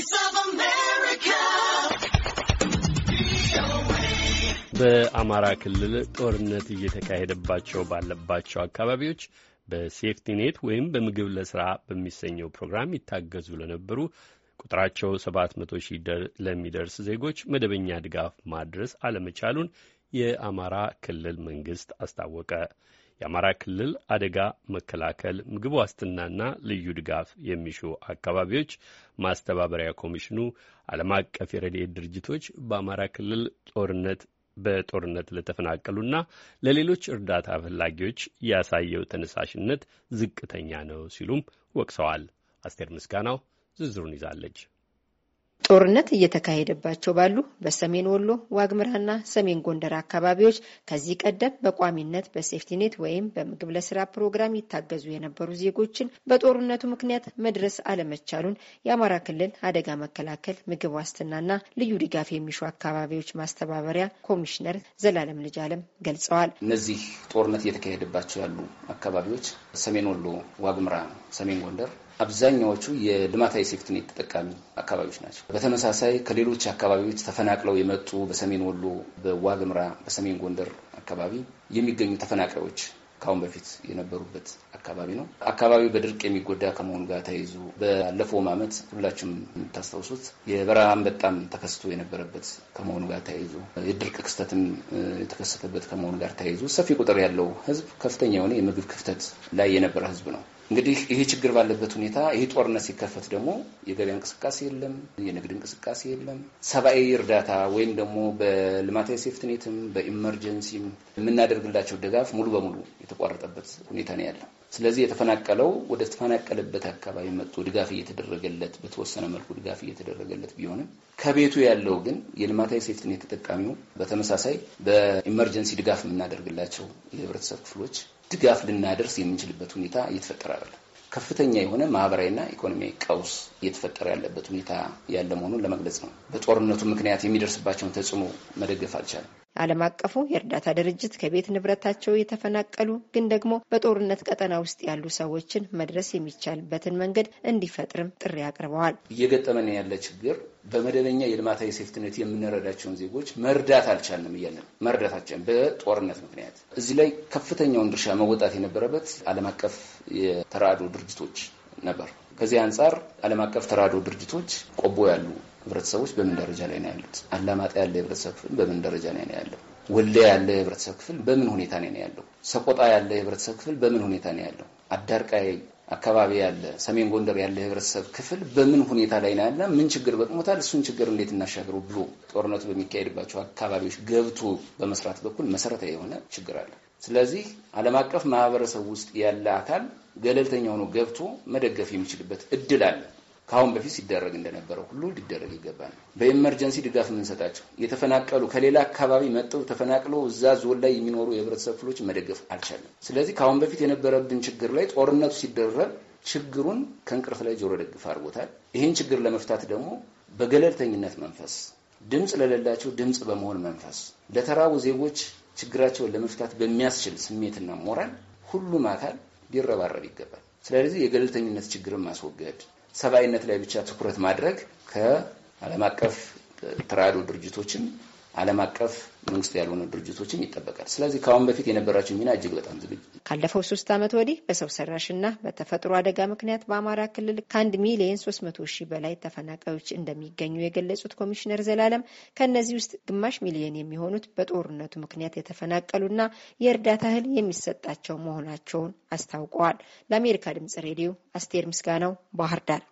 Voice of America. በአማራ ክልል ጦርነት እየተካሄደባቸው ባለባቸው አካባቢዎች በሴፍቲኔት ወይም በምግብ ለስራ በሚሰኘው ፕሮግራም ይታገዙ ለነበሩ ቁጥራቸው 700 ሺህ ለሚደርስ ዜጎች መደበኛ ድጋፍ ማድረስ አለመቻሉን የአማራ ክልል መንግስት አስታወቀ። የአማራ ክልል አደጋ መከላከል ምግብ ዋስትናና ልዩ ድጋፍ የሚሹ አካባቢዎች ማስተባበሪያ ኮሚሽኑ ዓለም አቀፍ የረድኤት ድርጅቶች በአማራ ክልል ጦርነት በጦርነት ለተፈናቀሉና ለሌሎች እርዳታ ፈላጊዎች ያሳየው ተነሳሽነት ዝቅተኛ ነው ሲሉም ወቅሰዋል። አስቴር ምስጋናው ዝርዝሩን ይዛለች። ጦርነት እየተካሄደባቸው ባሉ በሰሜን ወሎ ዋግምራና ሰሜን ጎንደር አካባቢዎች ከዚህ ቀደም በቋሚነት በሴፍቲኔት ወይም በምግብ ለስራ ፕሮግራም ይታገዙ የነበሩ ዜጎችን በጦርነቱ ምክንያት መድረስ አለመቻሉን የአማራ ክልል አደጋ መከላከል ምግብ ዋስትናና ልዩ ድጋፍ የሚሹ አካባቢዎች ማስተባበሪያ ኮሚሽነር ዘላለም ልጅ አለም ገልጸዋል። እነዚህ ጦርነት እየተካሄደባቸው ያሉ አካባቢዎች ሰሜን ወሎ ዋግምራ፣ ሰሜን ጎንደር አብዛኛዎቹ የልማታዊ ሴፍትኔት ተጠቃሚ አካባቢዎች ናቸው። በተመሳሳይ ከሌሎች አካባቢዎች ተፈናቅለው የመጡ በሰሜን ወሎ፣ በዋግምራ፣ በሰሜን ጎንደር አካባቢ የሚገኙ ተፈናቃዮች ከአሁን በፊት የነበሩበት አካባቢ ነው። አካባቢው በድርቅ የሚጎዳ ከመሆኑ ጋር ተያይዞ ባለፈውም ዓመት ሁላችሁም የምታስታውሱት የበረሃ አንበጣም ተከስቶ የነበረበት ከመሆኑ ጋር ተያይዞ የድርቅ ክስተትም የተከሰተበት ከመሆኑ ጋር ተያይዞ ሰፊ ቁጥር ያለው ሕዝብ ከፍተኛ የሆነ የምግብ ክፍተት ላይ የነበረ ሕዝብ ነው። እንግዲህ ይሄ ችግር ባለበት ሁኔታ ይሄ ጦርነት ሲከፈት ደግሞ የገበያ እንቅስቃሴ የለም፣ የንግድ እንቅስቃሴ የለም። ሰብአዊ እርዳታ ወይም ደግሞ በልማታዊ ሴፍትኔትም በኢመርጀንሲም የምናደርግላቸው ድጋፍ ሙሉ በሙሉ የተቋረጠበት ሁኔታ ነው ያለው። ስለዚህ የተፈናቀለው ወደ ተፈናቀለበት አካባቢ መጥቶ ድጋፍ እየተደረገለት በተወሰነ መልኩ ድጋፍ እየተደረገለት ቢሆንም ከቤቱ ያለው ግን የልማታዊ ሴፍትኔት ተጠቃሚው በተመሳሳይ በኢመርጀንሲ ድጋፍ የምናደርግላቸው የህብረተሰብ ክፍሎች ድጋፍ ልናደርስ የምንችልበት ሁኔታ እየተፈጠረ አለ። ከፍተኛ የሆነ ማህበራዊና ኢኮኖሚያዊ ቀውስ እየተፈጠረ ያለበት ሁኔታ ያለ መሆኑን ለመግለጽ ነው። በጦርነቱ ምክንያት የሚደርስባቸውን ተጽዕኖ መደገፍ አልቻለም። ዓለም አቀፉ የእርዳታ ድርጅት ከቤት ንብረታቸው የተፈናቀሉ ግን ደግሞ በጦርነት ቀጠና ውስጥ ያሉ ሰዎችን መድረስ የሚቻልበትን መንገድ እንዲፈጥርም ጥሪ አቅርበዋል። እየገጠመን ያለ ችግር በመደበኛ የልማታዊ ሴፍትነት የምንረዳቸውን ዜጎች መርዳት አልቻልንም እያለን መርዳታችን በጦርነት ምክንያት እዚህ ላይ ከፍተኛውን ድርሻ መወጣት የነበረበት ዓለም አቀፍ የተራድኦ ድርጅቶች ነበር። ከዚህ አንጻር ዓለም አቀፍ ተራድኦ ድርጅቶች ቆቦ ያሉ ህብረተሰቦች በምን ደረጃ ላይ ነው ያሉት? አላማጣ ያለ የህብረተሰብ ክፍል በምን ደረጃ ላይ ነው ያለው? ወልዲያ ያለ የህብረተሰብ ክፍል በምን ሁኔታ ላይ ነው ያለው? ሰቆጣ ያለ የህብረተሰብ ክፍል በምን ሁኔታ ነው ያለው? አዳርቃይ አካባቢ ያለ ሰሜን ጎንደር ያለ የህብረተሰብ ክፍል በምን ሁኔታ ላይ ነው ያለ? ምን ችግር ገጥሞታል? እሱን ችግር እንዴት እናሻገረው ብሎ ጦርነቱ በሚካሄድባቸው አካባቢዎች ገብቶ በመስራት በኩል መሰረታዊ የሆነ ችግር አለ። ስለዚህ ዓለም አቀፍ ማህበረሰብ ውስጥ ያለ አካል ገለልተኛ ሆኖ ገብቶ መደገፍ የሚችልበት እድል አለ። ከአሁን በፊት ሲደረግ እንደነበረው ሁሉ ሊደረግ ይገባል። በኤመርጀንሲ ድጋፍ የምንሰጣቸው የተፈናቀሉ ከሌላ አካባቢ መጥተው ተፈናቅሎ እዛ ዞን ላይ የሚኖሩ የህብረተሰብ ክፍሎች መደገፍ አልቻለም። ስለዚህ ከአሁን በፊት የነበረብን ችግር ላይ ጦርነቱ ሲደረግ ችግሩን ከእንቅርት ላይ ጆሮ ደግፍ አድርጎታል። ይህን ችግር ለመፍታት ደግሞ በገለልተኝነት መንፈስ ድምፅ ለሌላቸው ድምፅ በመሆን መንፈስ ለተራቡ ዜጎች ችግራቸውን ለመፍታት በሚያስችል ስሜትና ሞራል ሁሉም አካል ሊረባረብ ይገባል። ስለዚህ የገለልተኝነት ችግርን ማስወገድ ሰብአዊነት ላይ ብቻ ትኩረት ማድረግ ከዓለም አቀፍ ተራድኦ ድርጅቶችን ዓለም አቀፍ መንግስት ያልሆኑ ድርጅቶችም ይጠበቃል። ስለዚህ ከአሁን በፊት የነበራቸው ሚና እጅግ በጣም ዝግጅ ካለፈው ሶስት ዓመት ወዲህ በሰው ሰራሽና በተፈጥሮ አደጋ ምክንያት በአማራ ክልል ከአንድ ሚሊየን ሶስት መቶ ሺህ በላይ ተፈናቃዮች እንደሚገኙ የገለጹት ኮሚሽነር ዘላለም ከእነዚህ ውስጥ ግማሽ ሚሊየን የሚሆኑት በጦርነቱ ምክንያት የተፈናቀሉና የእርዳታ እህል የሚሰጣቸው መሆናቸውን አስታውቀዋል። ለአሜሪካ ድምጽ ሬዲዮ አስቴር ምስጋናው ባህር ዳር